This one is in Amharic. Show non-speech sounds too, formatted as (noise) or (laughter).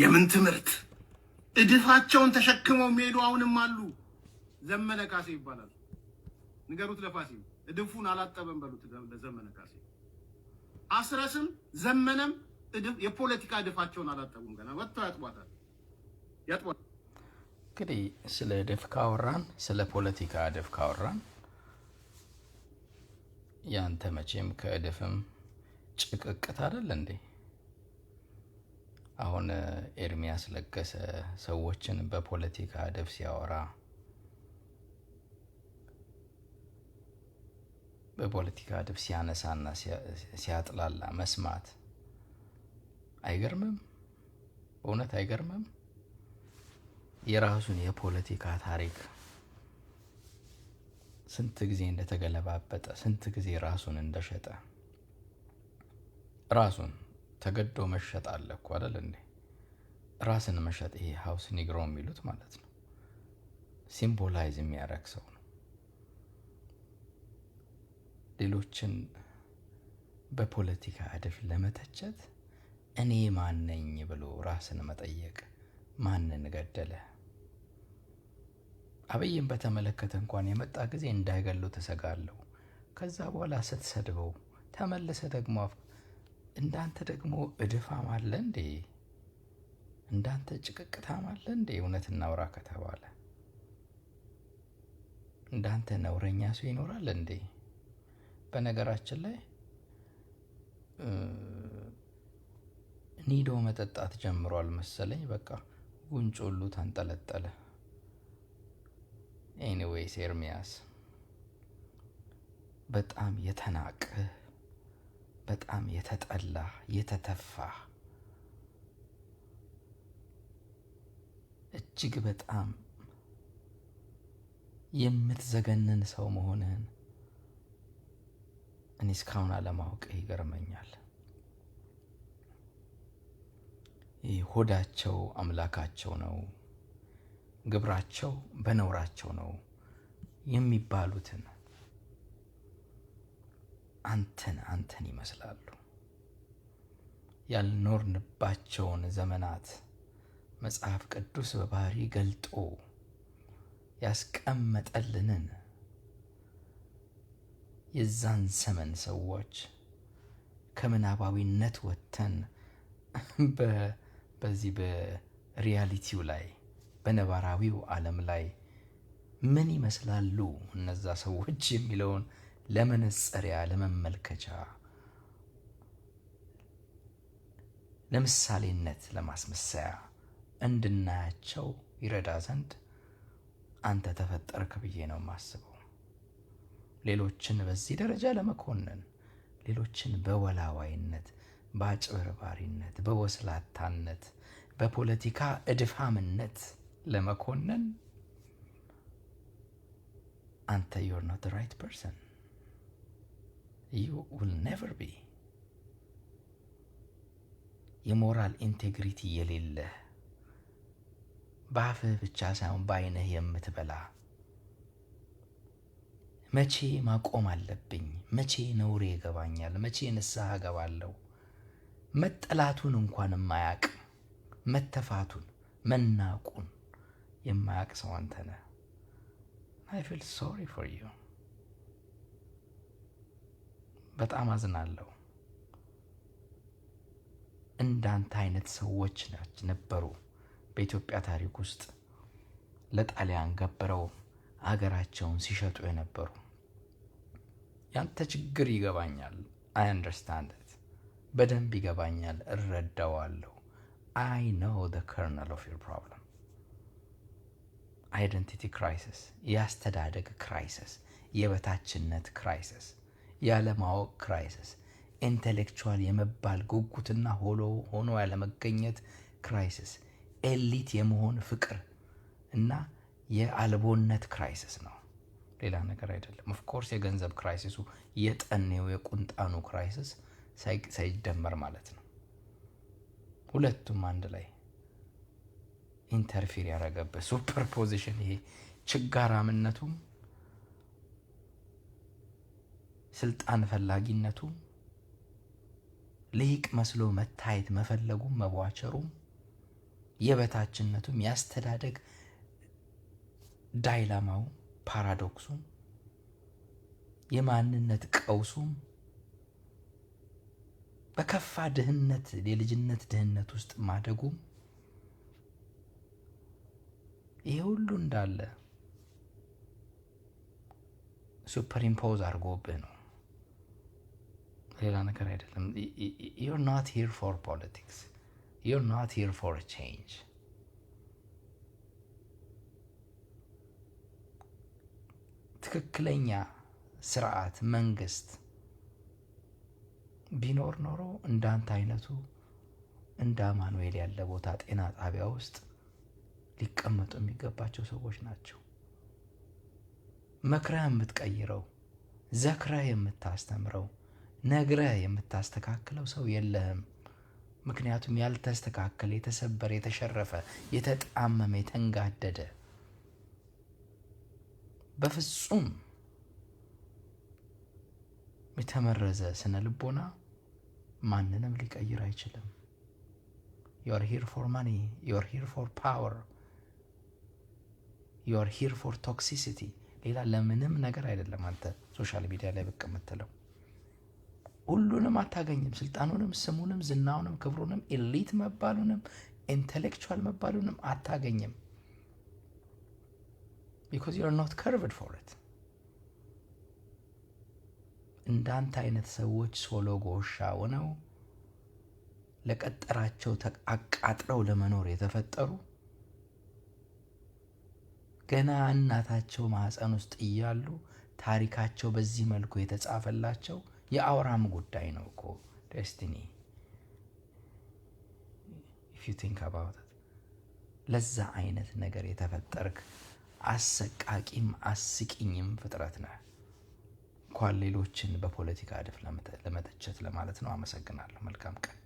የምን ትምህርት እድፋቸውን ተሸክመው የሚሄዱ አሁንም አሉ። ዘመነ ካሴ ይባላል። ንገሩት ለፋሲ እድፉን አላጠበም በሉት ለዘመነ ካሴ። አስረስም ዘመነም የፖለቲካ እድፋቸውን አላጠቡም። ገና ወጥተው ያጥቧታል ያጥቧታል። እንግዲህ ስለ እድፍ ካወራን፣ ስለ ፖለቲካ እድፍ ካወራን ያንተ መቼም ከእድፍም ጭቅቅት አይደል እንዴ? አሁን ኤርሚያስ ለገሰ ሰዎችን በፖለቲካ አደብ ሲያወራ በፖለቲካ አደብ ሲያነሳና ሲያጥላላ መስማት አይገርምም? በእውነት አይገርምም? የራሱን የፖለቲካ ታሪክ ስንት ጊዜ እንደተገለባበጠ ስንት ጊዜ ራሱን እንደሸጠ ራሱን ተገዶ መሸጥ አለ እኮ አይደል እንዴ? ራስን መሸጥ ይሄ ሀውስ ኒግሮ የሚሉት ማለት ነው። ሲምቦላይዝ የሚያደርግ ሰው ነው። ሌሎችን በፖለቲካ እድፍ ለመተቸት እኔ ማነኝ ብሎ ራስን መጠየቅ ማንን ገደለ? አብይን በተመለከተ እንኳን የመጣ ጊዜ እንዳይገሉ ተሰጋለሁ። ከዛ በኋላ ስትሰድበው ተመልሰ ደግሞ እንዳንተ ደግሞ እድፋም አለ እንዴ? እንዳንተ ጭቅቅታም አለ እንዴ? እውነት እናውራ ከተባለ እንዳንተ ነውረኛ ሰው ይኖራል እንዴ? በነገራችን ላይ ኒዶ መጠጣት ጀምሯል መሰለኝ። በቃ ጉንጮሉ ታንጠለጠለ። ኤኒዌይስ ኤርሚያስ በጣም የተናቀ በጣም የተጠላ የተተፋ እጅግ በጣም የምትዘገንን ሰው መሆንህን እኔ እስካሁን አለማወቅ ይገርመኛል። ሆዳቸው አምላካቸው ነው፣ ግብራቸው በነውራቸው ነው የሚባሉትን አንተን አንተን ይመስላሉ። ያልኖርንባቸውን ዘመናት መጽሐፍ ቅዱስ በባህሪ ገልጦ ያስቀመጠልንን የዛን ዘመን ሰዎች ከምናባዊነት ወጥተን (laughs) በዚህ በሪያሊቲው ላይ በነባራዊው ዓለም ላይ ምን ይመስላሉ እነዛ ሰዎች የሚለውን ለመነጸሪያ፣ ለመመልከቻ፣ ለምሳሌነት፣ ለማስመሰያ እንድናያቸው ይረዳ ዘንድ አንተ ተፈጠርክ ብዬ ነው የማስበው። ሌሎችን በዚህ ደረጃ ለመኮነን፣ ሌሎችን በወላዋይነት፣ በአጭበርባሪነት፣ በወስላታነት፣ በፖለቲካ እድፋምነት ለመኮነን አንተ ዩር ኖት ራይት ፐርሰን። you will never be የሞራል ኢንቴግሪቲ የሌለህ በአፍህ ብቻ ሳይሆን በአይንህ የምትበላ መቼ ማቆም አለብኝ? መቼ ነውሬ ይገባኛል? መቼ ንስሐ እገባለሁ? መጠላቱን እንኳን የማያቅ መተፋቱን፣ መናቁን የማያቅ ሰው አንተ ነህ። አይ ፊል ሶሪ ፎር ዩ በጣም አዝናለሁ። እንዳንተ አይነት ሰዎች ነበሩ በኢትዮጵያ ታሪክ ውስጥ ለጣሊያን ገብረው አገራቸውን ሲሸጡ የነበሩ። ያንተ ችግር ይገባኛል። አይ አንደርስታንድ በደንብ ይገባኛል፣ እረዳዋለሁ። አይ ነው ዘ ከርነል ኦፍ ዩር ፕሮብለም አይደንቲቲ ክራይሲስ፣ የአስተዳደግ ክራይሲስ፣ የበታችነት ክራይሲስ ያለማወቅ ክራይሲስ፣ ኢንቴሌክቹዋል የመባል ጉጉትና ሆሎ ሆኖ ያለመገኘት ክራይሲስ፣ ኤሊት የመሆን ፍቅር እና የአልቦነት ክራይሲስ ነው። ሌላ ነገር አይደለም። ኦፍኮርስ የገንዘብ ክራይሲሱ የጠኔው የቁንጣኑ ክራይሲስ ሳይደመር ማለት ነው። ሁለቱም አንድ ላይ ኢንተርፊር ያደረገበት ሱፐርፖዚሽን ይሄ ችጋራምነቱም ስልጣን ፈላጊነቱ ልሂቅ መስሎ መታየት መፈለጉም መቧቸሩም የበታችነቱም ያስተዳደግ ዳይላማው ፓራዶክሱም የማንነት ቀውሱም በከፋ ድህነት የልጅነት ድህነት ውስጥ ማደጉም ይሄ ሁሉ እንዳለ ሱፐር ኢምፖዝ አድርጎብህ ነው። ሌላ ነገር አይደለም። ዩር ናት ሂር ፎር ፖለቲክስ ዩር ናት ሂር ፎር ቼንጅ። ትክክለኛ ስርዓት መንግስት ቢኖር ኖሮ እንዳንተ አይነቱ እንደ አማኑኤል ያለ ቦታ ጤና ጣቢያ ውስጥ ሊቀመጡ የሚገባቸው ሰዎች ናቸው። መክራ የምትቀይረው ዘክረህ የምታስተምረው ነግረህ የምታስተካክለው ሰው የለህም። ምክንያቱም ያልተስተካከለ፣ የተሰበረ፣ የተሸረፈ፣ የተጣመመ፣ የተንጋደደ በፍጹም የተመረዘ ስነ ልቦና ማንንም ሊቀይር አይችልም። ዩር ሂር ፎር ማኒ፣ ር ሂር ፎር ፓወር፣ ዩር ሂር ፎር ቶክሲሲቲ። ሌላ ለምንም ነገር አይደለም። አንተ ሶሻል ሚዲያ ላይ ብቅ የምትለው ሁሉንም አታገኝም። ስልጣኑንም፣ ስሙንም፣ ዝናውንም፣ ክብሩንም፣ ኤሊት መባሉንም፣ ኢንቴሌክቹዋል መባሉንም አታገኝም። ቢኮዝ ዩር ኖት ከርቭድ ፎር ኢት። እንዳንተ አይነት ሰዎች ሶሎ ጎሻ ሆነው ለቀጠራቸው አቃጥለው ለመኖር የተፈጠሩ ገና እናታቸው ማህፀን ውስጥ እያሉ ታሪካቸው በዚህ መልኩ የተጻፈላቸው የአውራም ጉዳይ ነው እኮ ደስቲኒ ኢፍ ዩ ቲንክ አባውት ለዛ አይነት ነገር የተፈጠርክ አሰቃቂም አስቂኝም ፍጥረት ነህ። እንኳን ሌሎችን በፖለቲካ አድፍ ለመተቸት ለማለት ነው። አመሰግናለሁ። መልካም ቀን